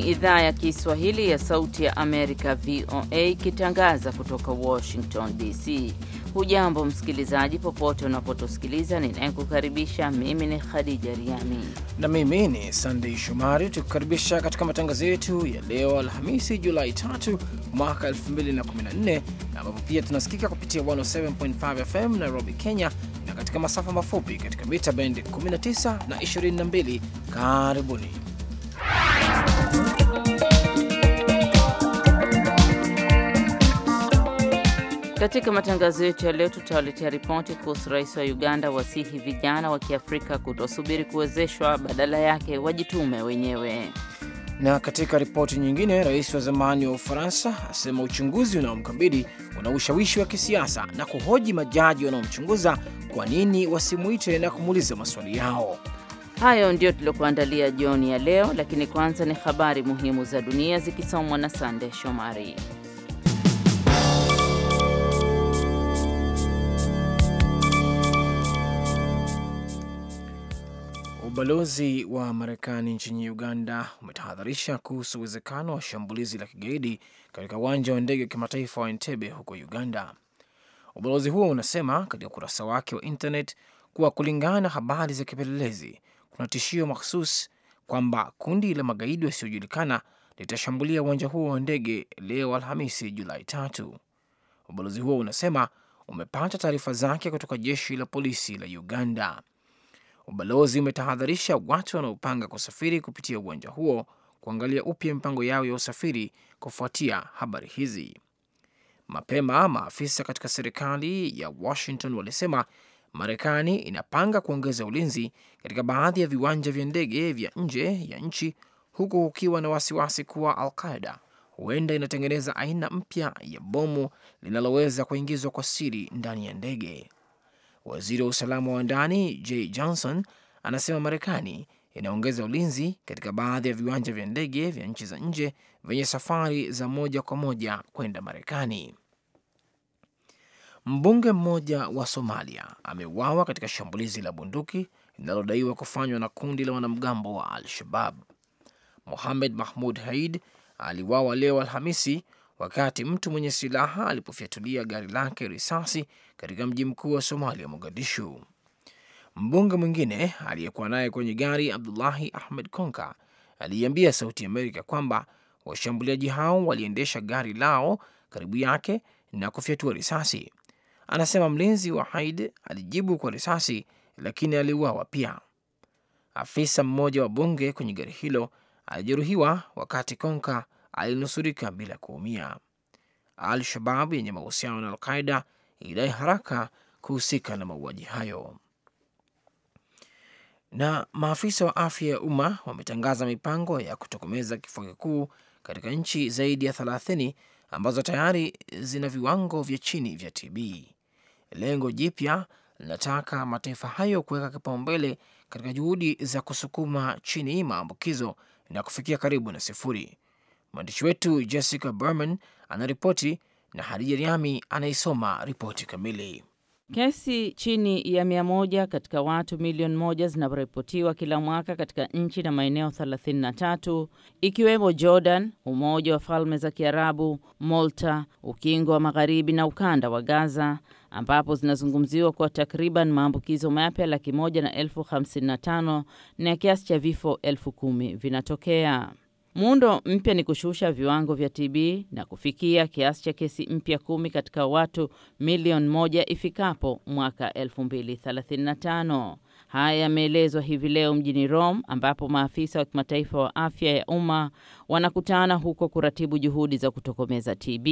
ni idhaa ya Kiswahili ya Sauti ya Amerika, VOA, ikitangaza kutoka Washington DC. Hujambo msikilizaji, popote unapotusikiliza. Ninayekukaribisha mimi ni Khadija Riami na mimi ni Sandei Shomari, tukukaribisha katika matangazo yetu ya leo Alhamisi Julai 3 mwaka 2014 ambapo pia tunasikika kupitia 107.5 FM Nairobi, Kenya, na katika masafa mafupi katika mita bendi 19 na 22. Karibuni. Katika matangazo yetu ya leo tutawaletea ripoti kuhusu rais wa Uganda wasihi vijana wa Kiafrika kutosubiri kuwezeshwa, badala yake wajitume wenyewe. Na katika ripoti nyingine, rais wa zamani wa Ufaransa asema uchunguzi unaomkabili una ushawishi wa kisiasa na kuhoji majaji wanaomchunguza kwa nini wasimwite na kumuuliza maswali yao. Hayo ndiyo tuliokuandalia jioni ya leo, lakini kwanza ni habari muhimu za dunia zikisomwa na Sande Shomari. Ubalozi wa Marekani nchini Uganda umetahadharisha kuhusu uwezekano wa shambulizi la kigaidi katika uwanja wa ndege wa kimataifa wa Entebbe huko Uganda. Ubalozi huo unasema katika ukurasa wake wa internet kuwa kulingana na habari za kipelelezi kuna tishio makhusus kwamba kundi la magaidi wasiojulikana litashambulia uwanja huo wa ndege leo Alhamisi, Julai tatu. Ubalozi huo unasema umepata taarifa zake kutoka jeshi la polisi la Uganda. Ubalozi umetahadharisha watu wanaopanga kusafiri kupitia uwanja huo kuangalia upya mipango yao ya usafiri kufuatia habari hizi. Mapema maafisa katika serikali ya Washington walisema Marekani inapanga kuongeza ulinzi katika baadhi ya viwanja vya ndege vya nje ya nchi, huku kukiwa na wasiwasi kuwa Al-Qaida huenda inatengeneza aina mpya ya bomu linaloweza kuingizwa kwa siri ndani ya ndege. Waziri wa usalama wa ndani Jay Johnson anasema Marekani inaongeza ulinzi katika baadhi ya viwanja vya ndege vya nchi za nje vyenye safari za moja kwa moja kwenda Marekani. Mbunge mmoja wa Somalia ameuawa katika shambulizi la bunduki linalodaiwa kufanywa na kundi la wanamgambo wa Al-Shabab. Mohamed Mahmud Haid aliuawa leo Alhamisi wakati mtu mwenye silaha alipofyatulia gari lake risasi katika mji mkuu wa Somalia, Mogadishu. Mbunge mwingine aliyekuwa naye kwenye gari, Abdullahi Ahmed Konka, aliiambia Sauti Amerika kwamba washambuliaji hao waliendesha gari lao karibu yake na kufyatua risasi Anasema mlinzi wa Haid alijibu kwa risasi, lakini aliuawa pia. Afisa mmoja wa bunge kwenye gari hilo alijeruhiwa, wakati Konka alinusurika bila kuumia. Al-Shabab yenye mahusiano na alqaida ilidai haraka kuhusika na mauaji hayo. Na maafisa wa afya ya umma wametangaza mipango ya kutokomeza kifua kikuu katika nchi zaidi ya thelathini ambazo tayari zina viwango vya chini vya TB. Lengo jipya linataka mataifa hayo kuweka kipaumbele katika juhudi za kusukuma chini maambukizo na kufikia karibu na sifuri. Mwandishi wetu Jessica Berman anaripoti na Hadija Riami anaisoma ripoti kamili. Kesi chini ya mia moja katika watu milioni moja zinaripotiwa kila mwaka katika nchi na maeneo 33 ikiwemo Jordan, Umoja wa Falme za Kiarabu, Malta, Ukingo wa Magharibi na ukanda wa Gaza ambapo zinazungumziwa kuwa takriban maambukizo mapya laki moja na elfu hamsini na tano na kiasi cha vifo elfu kumi vinatokea. Muundo mpya ni kushusha viwango vya TB na kufikia kiasi cha kesi mpya kumi katika watu milioni moja ifikapo mwaka 2035. Haya yameelezwa hivi leo mjini Rome ambapo maafisa wa kimataifa wa afya ya umma wanakutana huko kuratibu juhudi za kutokomeza TB.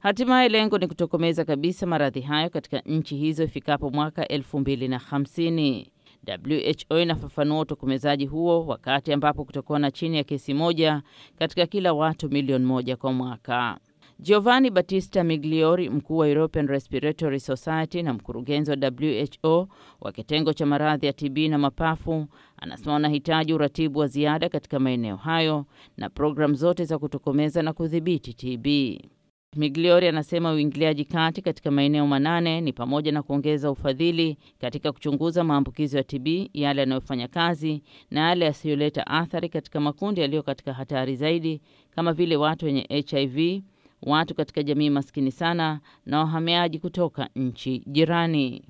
Hatimaye lengo ni kutokomeza kabisa maradhi hayo katika nchi hizo ifikapo mwaka 2050. WHO inafafanua utokomezaji huo wakati ambapo kutakuwa na chini ya kesi moja katika kila watu milioni moja kwa mwaka. Giovanni Battista Migliori, mkuu wa European Respiratory Society na mkurugenzi wa WHO wa kitengo cha maradhi ya TB na mapafu, anasema wanahitaji uratibu wa ziada katika maeneo hayo na programu zote za kutokomeza na kudhibiti TB. Migliori anasema uingiliaji kati katika maeneo manane ni pamoja na kuongeza ufadhili katika kuchunguza maambukizo ya TB, yale yanayofanya kazi na yale yasiyoleta athari katika makundi yaliyo katika hatari zaidi kama vile watu wenye HIV, watu katika jamii maskini sana na wahamiaji kutoka nchi jirani.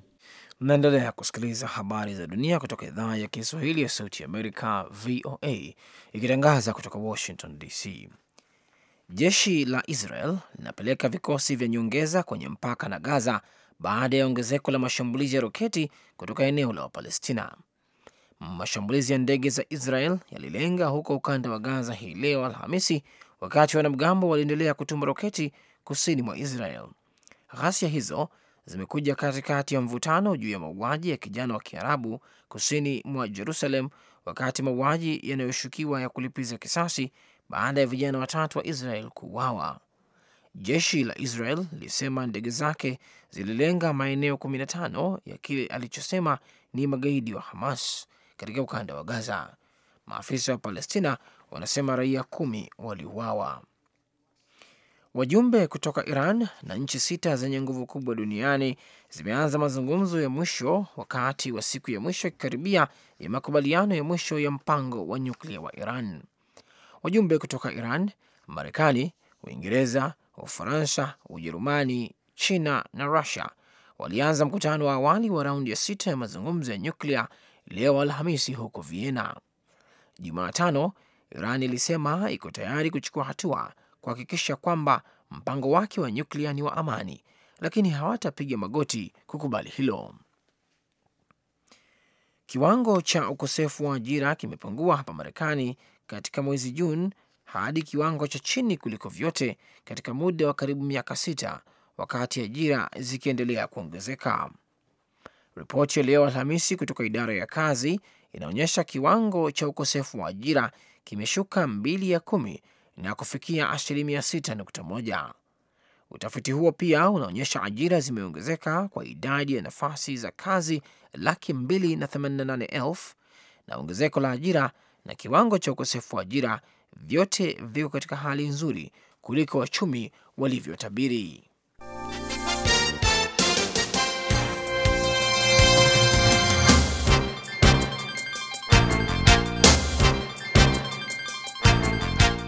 Mnaendelea kusikiliza habari za dunia kutoka idhaa ya Kiswahili ya Sauti ya Amerika, VOA, ikitangaza kutoka Washington DC. Jeshi la Israel linapeleka vikosi vya nyongeza kwenye mpaka na Gaza baada ya ongezeko la mashambulizi ya roketi kutoka eneo la Wapalestina. Mashambulizi ya ndege za Israel yalilenga huko ukanda wa Gaza hii leo Alhamisi, wakati wanamgambo waliendelea kutuma roketi kusini mwa Israel. Ghasia hizo zimekuja katikati ya mvutano juu ya mauaji ya kijana wa Kiarabu kusini mwa Jerusalem, wakati mauaji yanayoshukiwa ya kulipiza kisasi baada ya vijana watatu wa Israel kuuawa. Jeshi la Israel lilisema ndege zake zililenga maeneo 15 ya kile alichosema ni magaidi wa Hamas katika ukanda wa Gaza. Maafisa wa Palestina wanasema raia kumi waliuawa. Wajumbe kutoka Iran na nchi sita zenye nguvu kubwa duniani zimeanza mazungumzo ya mwisho wakati wa siku ya mwisho ikikaribia ya makubaliano ya mwisho ya mpango wa nyuklia wa Iran wajumbe kutoka Iran, Marekani, Uingereza, Ufaransa, Ujerumani, China na Rusia walianza mkutano wa awali wa raundi ya sita ya mazungumzo ya nyuklia leo Alhamisi huko Vienna. Jumatano, Iran ilisema iko tayari kuchukua hatua kuhakikisha kwamba mpango wake wa nyuklia ni wa amani, lakini hawatapiga magoti kukubali hilo. Kiwango cha ukosefu wa ajira kimepungua hapa Marekani katika mwezi Juni hadi kiwango cha chini kuliko vyote katika muda wa karibu miaka sita, wakati ajira zikiendelea kuongezeka. Ripoti ya leo Alhamisi kutoka idara ya kazi inaonyesha kiwango cha ukosefu wa ajira kimeshuka mbili ya kumi na kufikia asilimia moja. Utafiti huo pia unaonyesha ajira zimeongezeka kwa idadi ya nafasi za kazi laki mbili na themanini na nane elfu na ongezeko la ajira na kiwango cha ukosefu wa ajira vyote viko katika hali nzuri kuliko wachumi walivyotabiri.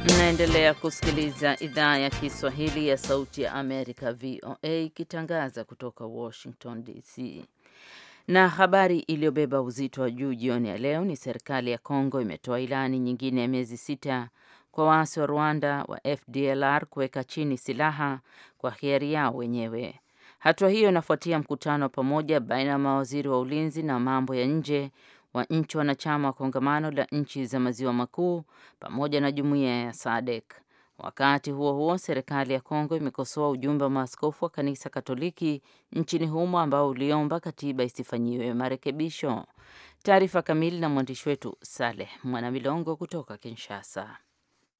Mnaendelea kusikiliza idhaa ya Kiswahili ya Sauti ya Amerika, VOA, ikitangaza kutoka Washington DC. Na habari iliyobeba uzito wa juu jioni ya leo ni serikali ya Kongo imetoa ilani nyingine ya miezi sita kwa waasi wa Rwanda wa FDLR kuweka chini silaha kwa hiari yao wenyewe. Hatua hiyo inafuatia mkutano wa pamoja baina ya mawaziri wa ulinzi na mambo ya nje wa nchi wanachama wa kongamano la nchi za maziwa makuu pamoja na jumuiya ya SADC. Wakati huo huo, serikali ya Kongo imekosoa ujumbe wa maaskofu wa kanisa Katoliki nchini humo ambao uliomba katiba isifanyiwe marekebisho. Taarifa kamili na mwandishi wetu Saleh Mwanamilongo kutoka Kinshasa.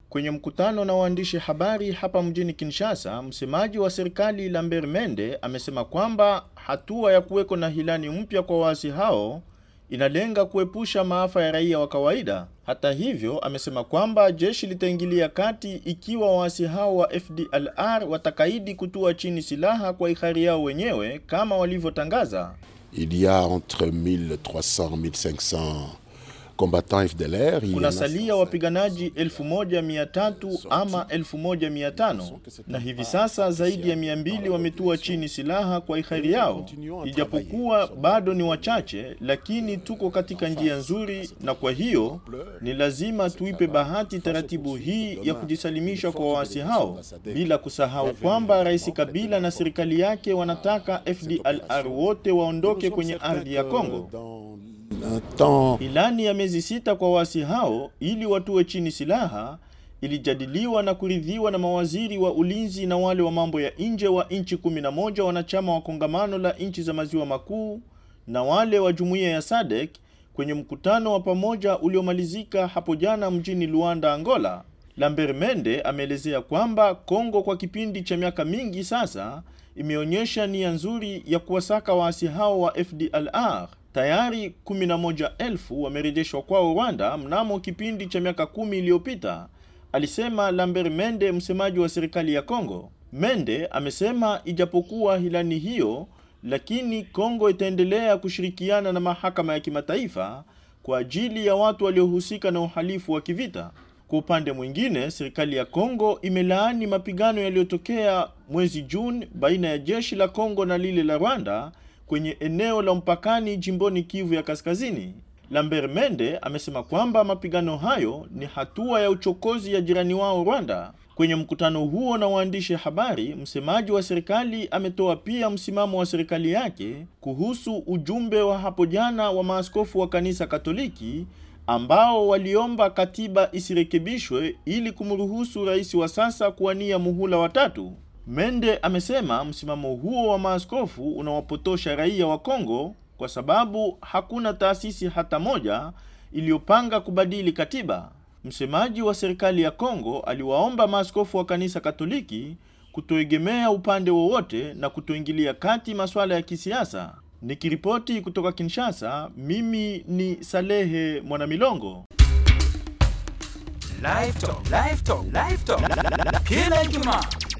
Kwenye mkutano na waandishi habari hapa mjini Kinshasa, msemaji wa serikali Lambert Mende amesema kwamba hatua ya kuweko na hilani mpya kwa waasi hao inalenga kuepusha maafa ya raia wa kawaida. Hata hivyo, amesema kwamba jeshi litaingilia kati ikiwa waasi hao wa FDLR watakaidi kutua chini silaha kwa hiari yao wenyewe kama walivyotangaza. Il y a entre 1300 1500 combattants FDLR. Kuna salia wapiganaji 1300 ama 1500 na hivi sasa zaidi ya 200 wametua chini silaha kwa hiari yao, ijapokuwa bado ni wachache, lakini tuko katika njia nzuri, na kwa hiyo ni lazima tuipe bahati taratibu hii ya kujisalimisha kwa waasi hao, bila kusahau kwamba Rais Kabila na serikali yake wanataka FDLR wote waondoke kwenye ardhi ya Kongo. Ilani ya miezi sita kwa waasi hao ili watue chini silaha ilijadiliwa na kuridhiwa na mawaziri wa ulinzi na wale wa mambo ya nje wa nchi 11 wanachama wa kongamano la nchi za maziwa makuu na wale wa jumuiya ya SADC kwenye mkutano wa pamoja uliomalizika hapo jana mjini Luanda, Angola. Lambert Mende ameelezea kwamba Kongo kwa kipindi cha miaka mingi sasa imeonyesha nia nzuri ya kuwasaka waasi hao wa FDLR tayari 11,000 wamerejeshwa kwao Rwanda mnamo kipindi cha miaka kumi iliyopita, alisema Lambert Mende, msemaji wa serikali ya Kongo. Mende amesema ijapokuwa hilani hiyo, lakini Kongo itaendelea kushirikiana na mahakama ya kimataifa kwa ajili ya watu waliohusika na uhalifu wa kivita. Kwa upande mwingine, serikali ya Kongo imelaani mapigano yaliyotokea mwezi Juni baina ya jeshi la Kongo na lile la Rwanda kwenye eneo la mpakani jimboni Kivu ya Kaskazini. Lambert Mende amesema kwamba mapigano hayo ni hatua ya uchokozi ya jirani wao Rwanda. Kwenye mkutano huo na waandishi habari, msemaji wa serikali ametoa pia msimamo wa serikali yake kuhusu ujumbe wa hapo jana wa maaskofu wa kanisa Katoliki ambao waliomba katiba isirekebishwe ili kumruhusu rais wa sasa kuwania muhula watatu. Mende amesema msimamo huo wa maaskofu unawapotosha raia wa Kongo kwa sababu hakuna taasisi hata moja iliyopanga kubadili katiba. Msemaji wa serikali ya Kongo aliwaomba maaskofu wa kanisa Katoliki kutoegemea upande wowote na kutoingilia kati masuala ya kisiasa. Nikiripoti kutoka Kinshasa, mimi ni Salehe Mwanamilongo. Live talk, live talk, live talk. Kila Ijumaa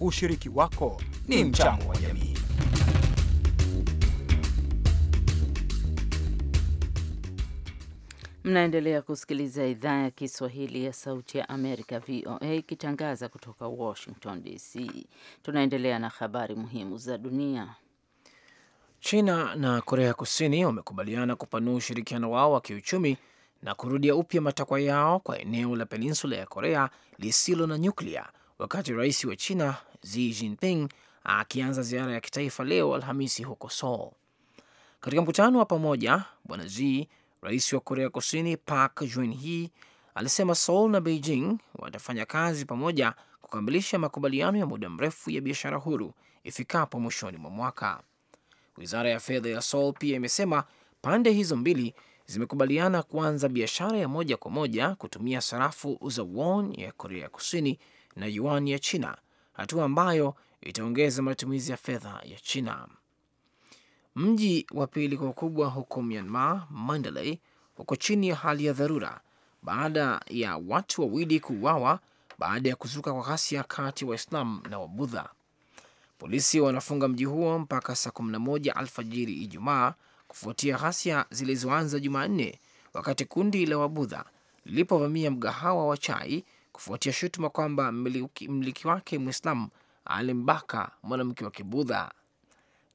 Ushiriki wako ni mchango wa jamii. Mnaendelea kusikiliza idhaa ya Kiswahili ya Sauti ya Amerika, VOA, ikitangaza kutoka Washington DC. Tunaendelea na habari muhimu za dunia. China na Korea Kusini wamekubaliana kupanua ushirikiano wao wa kiuchumi na kurudia upya matakwa yao kwa eneo la peninsula ya Korea lisilo na nyuklia wakati rais wa China Xi Jinping akianza ziara ya kitaifa leo Alhamisi huko Seoul. Katika mkutano wa pamoja, Bwana Z, rais wa Korea Kusini Park Geun-hye alisema Seoul na Beijing watafanya kazi pamoja kukamilisha makubaliano ya muda mrefu ya biashara huru ifikapo mwishoni mwa mwaka. Wizara ya fedha ya Seoul pia imesema pande hizo mbili zimekubaliana kuanza biashara ya moja kwa moja kutumia sarafu za won ya Korea Kusini na yuan ya China, hatua ambayo itaongeza matumizi ya fedha ya China. Mji wa pili kwa ukubwa huko Myanmar, Mandalay, uko chini ya hali ya dharura baada ya watu wawili kuuawa baada ya kuzuka kwa ghasia kati ya waislam na Wabudha. Polisi wanafunga mji huo mpaka saa 11 alfajiri Ijumaa kufuatia ghasia zilizoanza Jumanne wakati kundi la Wabudha lilipovamia mgahawa wa chai kufuatia shutuma kwamba mmiliki wake Mwislamu alimbaka mwanamke wa Kibudha.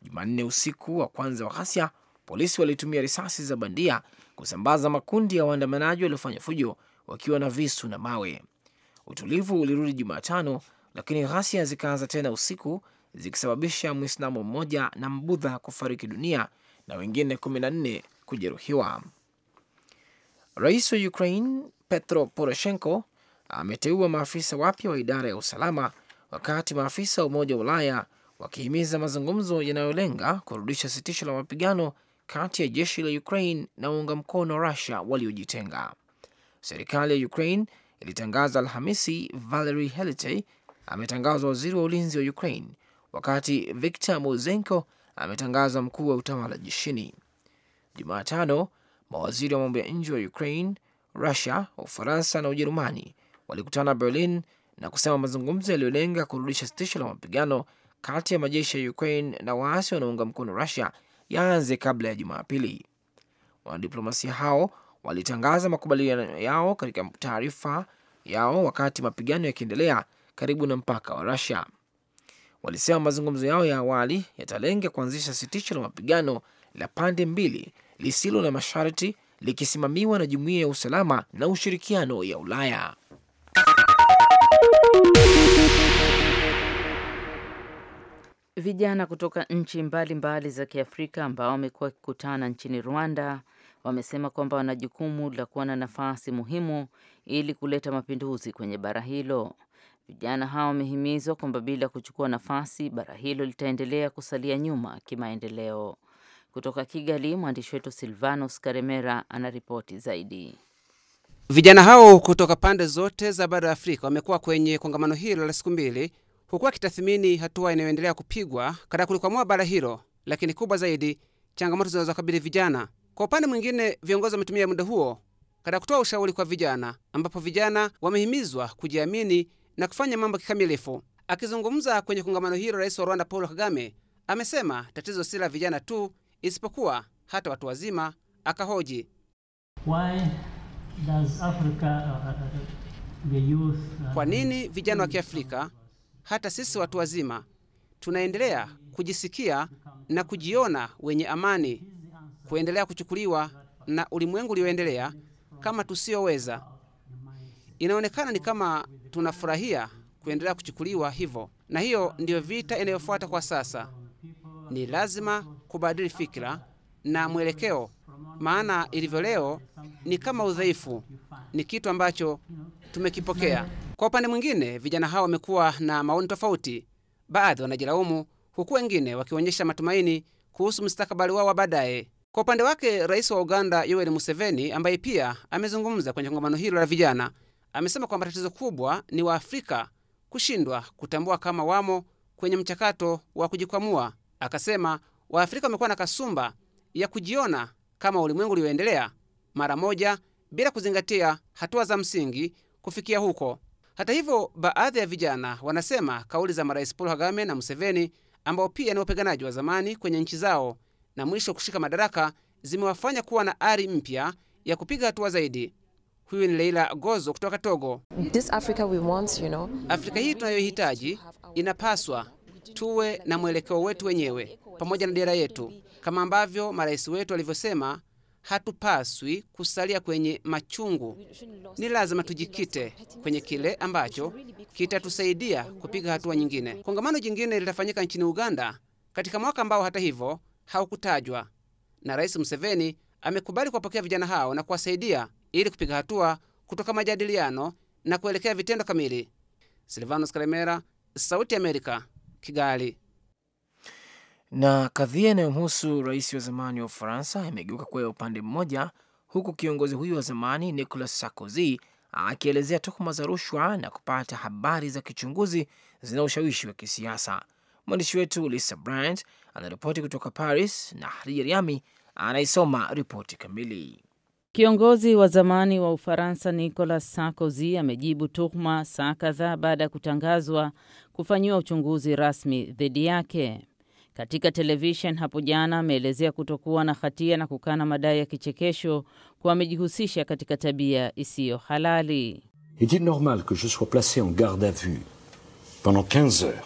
Jumanne usiku wa kwanza wa ghasia, polisi walitumia risasi za bandia kusambaza makundi ya waandamanaji waliofanya fujo wakiwa na visu na mawe. Utulivu ulirudi Jumatano, lakini ghasia zikaanza tena usiku zikisababisha Mwislamu mmoja na Mbudha kufariki dunia na wengine 14 kujeruhiwa. Rais wa Ukraine Petro Poroshenko ameteua maafisa wapya wa idara ya usalama, wakati maafisa wa Umoja wa Ulaya wakihimiza mazungumzo yanayolenga kurudisha sitisho la mapigano kati ya jeshi la Ukraine na uunga mkono rasia waliojitenga. Serikali ya Ukraine ilitangaza Alhamisi Valery Helite ametangazwa waziri wa ulinzi wa Ukraine, wakati Viktor Mozenko ametangazwa mkuu wa utawala jeshini. Jumatano, mawaziri wa mambo ya nje wa Ukraine, Rusia, Ufaransa na Ujerumani walikutana Berlin na kusema mazungumzo yaliyolenga kurudisha sitisho la mapigano kati ya majeshi ya Ukraine na waasi wanaunga mkono Russia yaanze kabla ya Jumapili. Wanadiplomasia hao walitangaza makubaliano yao katika taarifa yao wakati mapigano yakiendelea karibu na mpaka wa Russia. Walisema mazungumzo yao ya awali yatalenga kuanzisha sitisho la mapigano la pande mbili lisilo na masharti likisimamiwa na Jumuiya ya Usalama na Ushirikiano ya Ulaya. Vijana kutoka nchi mbalimbali za Kiafrika ambao wamekuwa wakikutana nchini Rwanda wamesema kwamba wana jukumu la kuwa na nafasi muhimu ili kuleta mapinduzi kwenye bara hilo. Vijana hao wamehimizwa kwamba bila kuchukua nafasi, bara hilo litaendelea kusalia nyuma kimaendeleo. Kutoka Kigali, mwandishi wetu Silvanos Karemera anaripoti zaidi. Vijana hao kutoka pande zote za bara la Afrika wamekuwa kwenye kongamano hilo la siku mbili, huku wakitathmini hatua inayoendelea kupigwa katika kulikwamua bara hilo, lakini kubwa zaidi, changamoto zinazokabili vijana. Kwa upande mwingine, viongozi wametumia muda huo katika kutoa ushauri kwa vijana, ambapo vijana wamehimizwa kujiamini na kufanya mambo kikamilifu. Akizungumza kwenye kongamano hilo, rais wa Rwanda Paul Kagame amesema tatizo si la vijana tu, isipokuwa hata watu wazima. Akahoji Why? Uh, uh, uh, kwa nini vijana wa Kiafrika hata sisi watu wazima tunaendelea kujisikia na kujiona wenye amani, kuendelea kuchukuliwa na ulimwengu ulioendelea kama tusioweza? Inaonekana ni kama tunafurahia kuendelea kuchukuliwa hivyo, na hiyo ndiyo vita inayofuata kwa sasa. Ni lazima kubadili fikira na mwelekeo, maana ilivyo leo ni kama udhaifu, ni kitu ambacho tumekipokea. Kwa upande mwingine, vijana hao wamekuwa na maoni tofauti, baadhi wanajilaumu, huku wengine wakionyesha matumaini kuhusu mustakabali wao wa baadaye. Kwa upande wake, rais wa Uganda Yoweri Museveni, ambaye pia amezungumza kwenye kongamano hilo la vijana, amesema kwamba tatizo kubwa ni Waafrika kushindwa kutambua kama wamo kwenye mchakato wa kujikwamua. Akasema Waafrika wamekuwa na kasumba ya kujiona kama ulimwengu ulioendelea mara moja bila kuzingatia hatua za msingi kufikia huko. Hata hivyo, baadhi ya vijana wanasema kauli za marais Paul Kagame na Museveni, ambao pia ni wapiganaji wa zamani kwenye nchi zao na mwisho kushika madaraka, zimewafanya kuwa na ari mpya ya kupiga hatua zaidi. Huyu ni Leila Gozo kutoka Togo. This Africa we want, you know. Afrika hii tunayohitaji inapaswa tuwe na mwelekeo wetu wenyewe pamoja na dira yetu, kama ambavyo marais wetu walivyosema hatupaswi kusalia kwenye machungu. Ni lazima tujikite kwenye kile ambacho kitatusaidia kupiga hatua nyingine. Kongamano jingine litafanyika nchini Uganda katika mwaka ambao hata hivyo haukutajwa, na Rais Museveni amekubali kuwapokea vijana hao na kuwasaidia ili kupiga hatua kutoka majadiliano na kuelekea vitendo kamili. Silvanos Kalemera, Sauti ya Amerika, Kigali. Na kadhia inayomhusu rais wa zamani wa Ufaransa imegeuka kuwa ya upande mmoja, huku kiongozi huyo wa zamani Nicolas Sarkozy akielezea tuhuma za rushwa na kupata habari za kichunguzi zina ushawishi wa kisiasa. Mwandishi wetu Lisa Bryant anaripoti kutoka Paris na Hadija Riami anaisoma ripoti kamili. Kiongozi wa zamani wa Ufaransa Nicolas Sarkozy amejibu tuhuma saa kadhaa baada ya kutangazwa kufanyiwa uchunguzi rasmi dhidi yake katika televishen hapo jana ameelezea kutokuwa na hatia na kukana madai ya kichekesho kuwa amejihusisha katika tabia isiyo halali.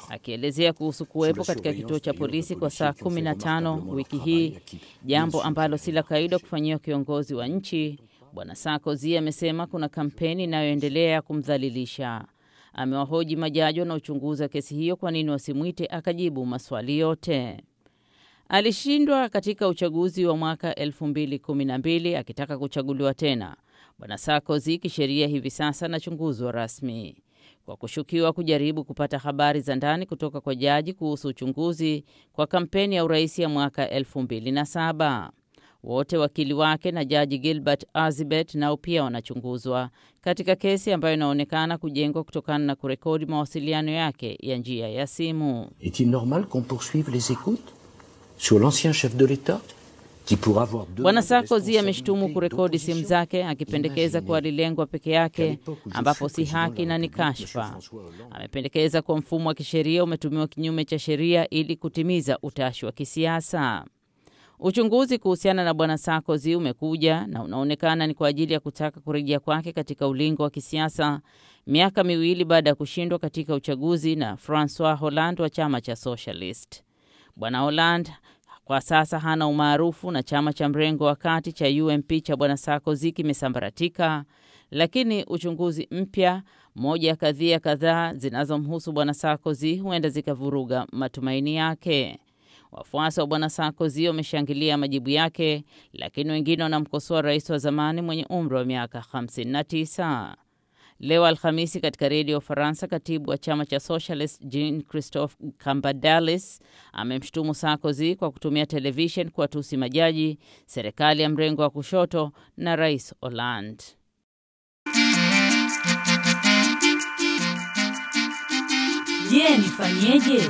Akielezea kuhusu kuwepo katika kituo cha polisi kwa saa 15 wiki hii, jambo ambalo si la kawaida kufanyiwa kiongozi wa nchi. Bwana Sarkozy amesema kuna kampeni inayoendelea ya kumdhalilisha amewahoji majaji wanaochunguza kesi hiyo kwa nini wasimwite akajibu maswali yote. Alishindwa katika uchaguzi wa mwaka 2012 akitaka kuchaguliwa tena. Bwana Sarkozy kisheria hivi sasa anachunguzwa rasmi kwa kushukiwa kujaribu kupata habari za ndani kutoka kwa jaji kuhusu uchunguzi kwa kampeni ya urais ya mwaka 27 wote wakili wake na jaji Gilbert Azibet nao pia wanachunguzwa katika kesi ambayo inaonekana kujengwa kutokana na kurekodi mawasiliano yake ya njia ya simu. Est-il normal qu'on poursuive les écoutes sur l'ancien chef de l'État? Bwana Sarkozy ameshtumu kurekodi simu zake akipendekeza kuwa alilengwa peke yake, ambapo si haki na ni kashfa. Amependekeza kuwa mfumo wa kisheria umetumiwa kinyume cha sheria ili kutimiza utashi wa kisiasa. Uchunguzi kuhusiana na bwana Sarkozy umekuja na unaonekana ni kwa ajili ya kutaka kurejea kwake katika ulingo wa kisiasa miaka miwili baada ya kushindwa katika uchaguzi na Francois Hollande wa chama cha Socialist. Bwana Hollande kwa sasa hana umaarufu na chama cha mrengo wa kati cha UMP cha bwana Sarkozy kimesambaratika, lakini uchunguzi mpya, moja ya kadhia kadhaa zinazomhusu bwana Sarkozy, huenda zikavuruga matumaini yake. Wafuasi wa bwana Sarkozy wameshangilia majibu yake, lakini wengine wanamkosoa rais wa zamani mwenye umri wa miaka 59. Leo Alhamisi, katika redio ya Ufaransa, katibu wa chama cha Socialist Jean Christophe Cambadalis amemshutumu Sarkozy kwa kutumia televishen kuwatusi majaji, serikali ya mrengo wa kushoto na rais Hollande. Je, nifanyeje?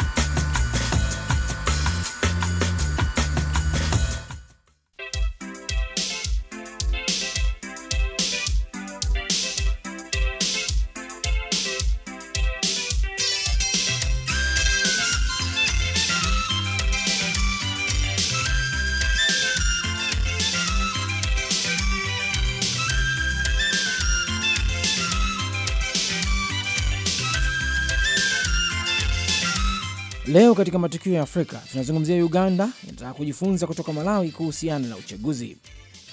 Leo katika matukio ya Afrika tunazungumzia Uganda inataka kujifunza kutoka Malawi kuhusiana na uchaguzi.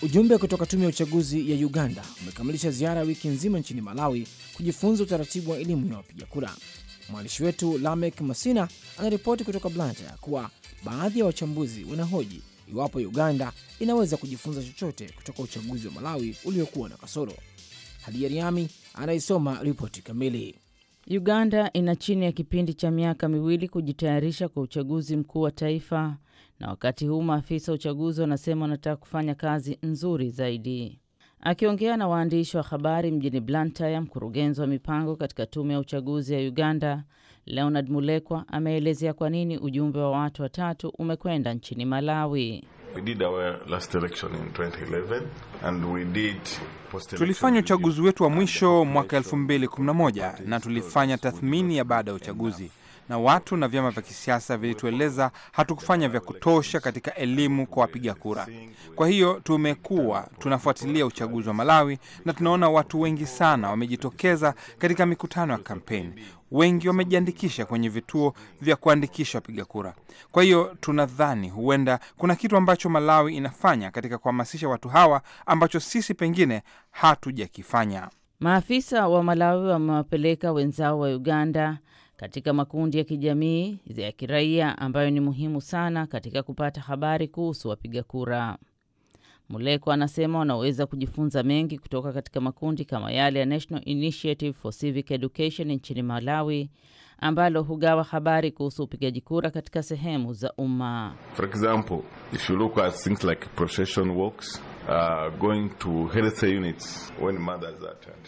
Ujumbe kutoka tume ya uchaguzi ya Uganda umekamilisha ziara ya wiki nzima nchini Malawi kujifunza utaratibu wa elimu ya wapiga kura. Mwandishi wetu Lamek Masina anaripoti kutoka Blanta kuwa baadhi ya wachambuzi wanahoji iwapo Uganda inaweza kujifunza chochote kutoka uchaguzi wa Malawi uliokuwa na kasoro. Hadi Yariami anaisoma ripoti kamili. Uganda ina chini ya kipindi cha miaka miwili kujitayarisha kwa uchaguzi mkuu wa taifa, na wakati huu maafisa wa uchaguzi wanasema wanataka kufanya kazi nzuri zaidi. Akiongea na waandishi wa habari mjini Blantyre, mkurugenzi wa mipango katika tume ya uchaguzi ya Uganda Leonard Mulekwa ameelezea kwa nini ujumbe wa watu watatu umekwenda nchini Malawi. Tulifanya uchaguzi wetu wa mwisho mwaka 2011 na tulifanya tathmini ya baada ya uchaguzi, na watu na vyama vya kisiasa vilitueleza hatukufanya vya kutosha katika elimu kwa wapiga kura. Kwa hiyo tumekuwa tunafuatilia uchaguzi wa Malawi na tunaona watu wengi sana wamejitokeza katika mikutano ya kampeni, wengi wamejiandikisha kwenye vituo vya kuandikisha wapiga kura. Kwa hiyo tunadhani huenda kuna kitu ambacho Malawi inafanya katika kuhamasisha watu hawa ambacho sisi pengine hatujakifanya. Maafisa wa Malawi wamewapeleka wenzao wa Uganda katika makundi ya kijamii ya kiraia ambayo ni muhimu sana katika kupata habari kuhusu wapiga kura. Muleko anasema wanaweza kujifunza mengi kutoka katika makundi kama yale ya National Initiative for Civic Education nchini Malawi ambalo hugawa habari kuhusu upigaji kura katika sehemu za umma. For example, if you look at things like procession walks, uh, going to health units when mothers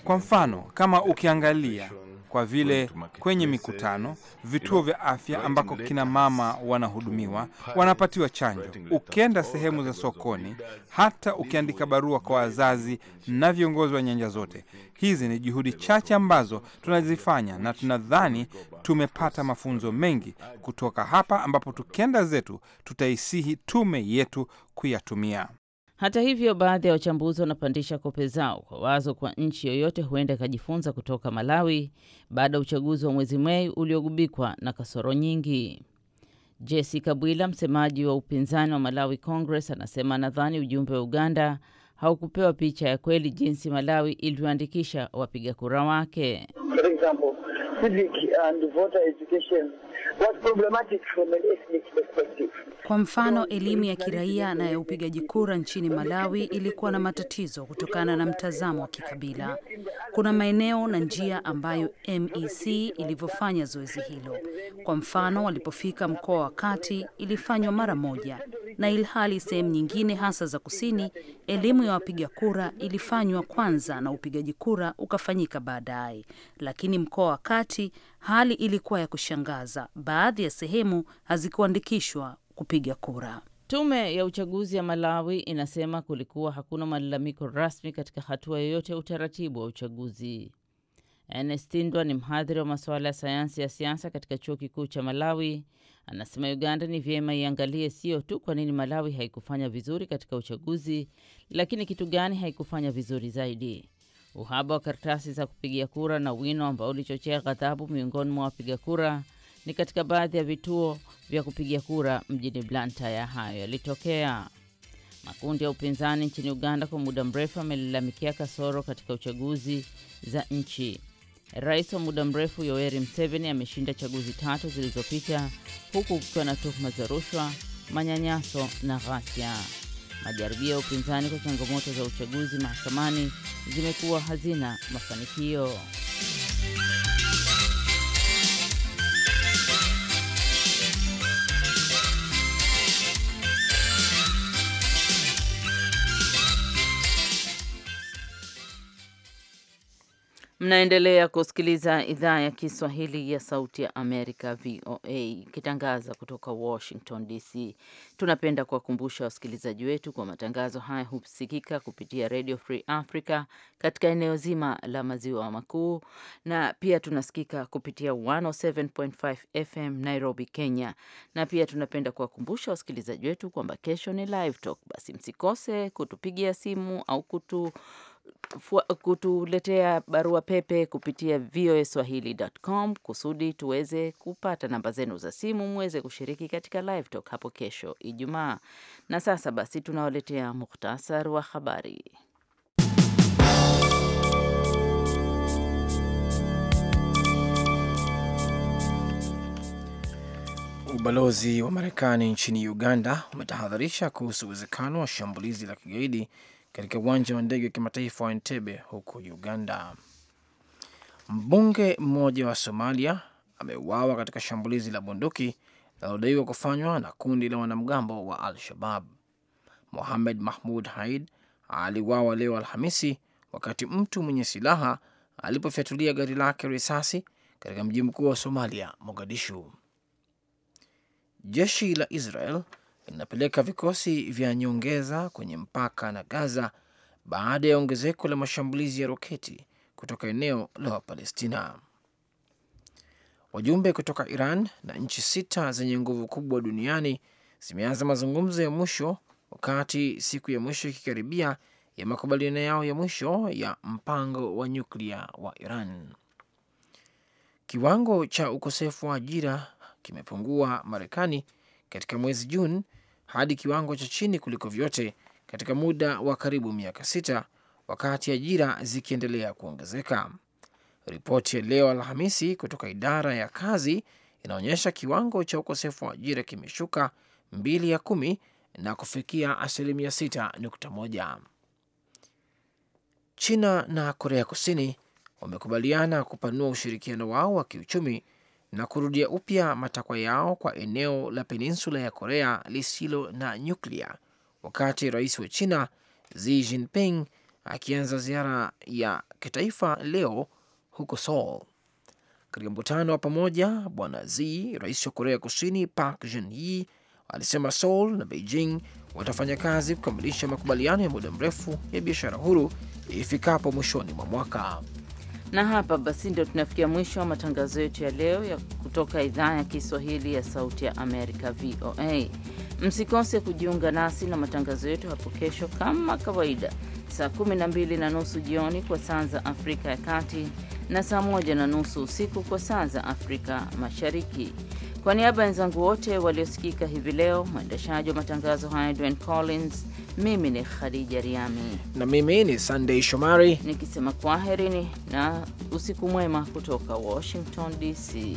Kwa mfano, kama ukiangalia kwa vile kwenye mikutano, vituo vya afya ambako kina mama wanahudumiwa, wanapatiwa chanjo, ukienda sehemu za sokoni, hata ukiandika barua kwa wazazi na viongozi wa nyanja zote. Hizi ni juhudi chache ambazo tunazifanya na tunadhani tumepata mafunzo mengi kutoka hapa, ambapo tukienda zetu tutaisihi tume yetu kuyatumia. Hata hivyo, baadhi ya wachambuzi wanapandisha kope zao kwa wazo kwa nchi yoyote huenda ikajifunza kutoka Malawi baada ya uchaguzi wa mwezi Mei uliogubikwa na kasoro nyingi. Jessica Bwila, msemaji wa upinzani wa Malawi Congress, anasema anadhani ujumbe wa Uganda haukupewa picha ya kweli jinsi Malawi ilivyoandikisha wapiga kura wake. For example, civic and voter education kwa mfano, elimu ya kiraia na ya upigaji kura nchini Malawi ilikuwa na matatizo kutokana na mtazamo wa kikabila. Kuna maeneo na njia ambayo MEC ilivyofanya zoezi hilo. Kwa mfano, walipofika mkoa wa kati ilifanywa mara moja, na ilhali sehemu nyingine hasa za kusini elimu ya wapiga kura ilifanywa kwanza na upigaji kura ukafanyika baadaye, lakini mkoa wa kati hali ilikuwa ya kushangaza. Baadhi ya sehemu hazikuandikishwa kupiga kura. Tume ya uchaguzi ya Malawi inasema kulikuwa hakuna malalamiko rasmi katika hatua yoyote ya utaratibu wa uchaguzi. Ernestindwa ni mhadhiri wa masuala ya sayansi ya siasa katika chuo kikuu cha Malawi. Anasema Uganda ni vyema iangalie sio tu kwa nini Malawi haikufanya vizuri katika uchaguzi, lakini kitu gani haikufanya vizuri zaidi. Uhaba wa karatasi za kupigia kura na wino ambao ulichochea ghadhabu miongoni mwa wapiga kura ni katika baadhi ya vituo vya kupigia kura mjini Blantyre. Hayo yalitokea makundi ya upinzani nchini Uganda kwa muda mrefu amelalamikia kasoro katika uchaguzi za nchi. Rais wa muda mrefu Yoweri Museveni ameshinda chaguzi tatu zilizopita huku kukiwa na tuhuma za rushwa, manyanyaso na ghasia. Majaribio ya upinzani kwa changamoto za uchaguzi mahakamani zimekuwa hazina mafanikio. Mnaendelea kusikiliza idhaa ya Kiswahili ya Sauti ya Amerika, VOA, ikitangaza kutoka Washington DC. Tunapenda kuwakumbusha wasikilizaji wetu kwa matangazo haya husikika kupitia Radio Free Africa katika eneo zima la maziwa makuu, na pia tunasikika kupitia 107.5 FM Nairobi, Kenya. Na pia tunapenda kuwakumbusha wasikilizaji wetu kwamba kesho ni Live Talk, basi msikose kutupigia simu au kutu kutuletea barua pepe kupitia voa swahilicom kusudi tuweze kupata namba zenu za simu mweze kushiriki katika live talk hapo kesho Ijumaa. Na sasa basi, tunawaletea muhtasar wa habari. Ubalozi wa Marekani nchini Uganda umetahadharisha kuhusu uwezekano wa shambulizi la kigaidi katika uwanja wa ndege wa kimataifa wa Entebbe huko Uganda. Mbunge mmoja wa Somalia ameuawa katika shambulizi la bunduki linalodaiwa kufanywa na kundi la wanamgambo wa Al-Shabab. Mohamed Mahmud Haid aliuawa leo Alhamisi wakati mtu mwenye silaha alipofyatulia gari lake risasi katika mji mkuu wa Somalia, Mogadishu. Jeshi la Israel linapeleka vikosi vya nyongeza kwenye mpaka na Gaza baada ya ongezeko la mashambulizi ya roketi kutoka eneo la Wapalestina. Wajumbe kutoka Iran na nchi sita zenye nguvu kubwa duniani zimeanza mazungumzo ya mwisho, wakati siku ya mwisho ikikaribia ya makubaliano yao ya mwisho ya mpango wa nyuklia wa Iran. Kiwango cha ukosefu wa ajira kimepungua Marekani katika mwezi Juni hadi kiwango cha chini kuliko vyote katika muda wa karibu miaka sita, wakati ajira zikiendelea kuongezeka. Ripoti ya leo Alhamisi kutoka idara ya kazi inaonyesha kiwango cha ukosefu wa ajira kimeshuka mbili ya kumi na kufikia asilimia sita nukta moja. China na Korea Kusini wamekubaliana kupanua ushirikiano wao wa kiuchumi na kurudia upya matakwa yao kwa eneo la peninsula ya Korea lisilo na nyuklia, wakati rais wa China Xi Jinping akianza ziara ya kitaifa leo huko Seoul. Katika mkutano wa pamoja, Bwana Xi, rais wa Korea Kusini Park Geun-hye alisema Seoul na Beijing watafanya kazi kukamilisha makubaliano ya muda mrefu ya biashara huru ifikapo mwishoni mwa mwaka. Na hapa basi ndio tunafikia mwisho wa matangazo yetu ya leo ya kutoka idhaa ya Kiswahili ya Sauti ya Amerika, VOA. Msikose kujiunga nasi na matangazo yetu hapo kesho kama kawaida, saa 12 na nusu jioni kwa saa za Afrika ya Kati na saa 1 na nusu usiku kwa saa za Afrika Mashariki. Kwa niaba ya wenzangu wote waliosikika hivi leo, mwendeshaji wa matangazo haya Dwayne Collins, mimi ni Khadija Riami na mimi ni sandey Shomari nikisema kwaherini na usiku mwema kutoka Washington DC.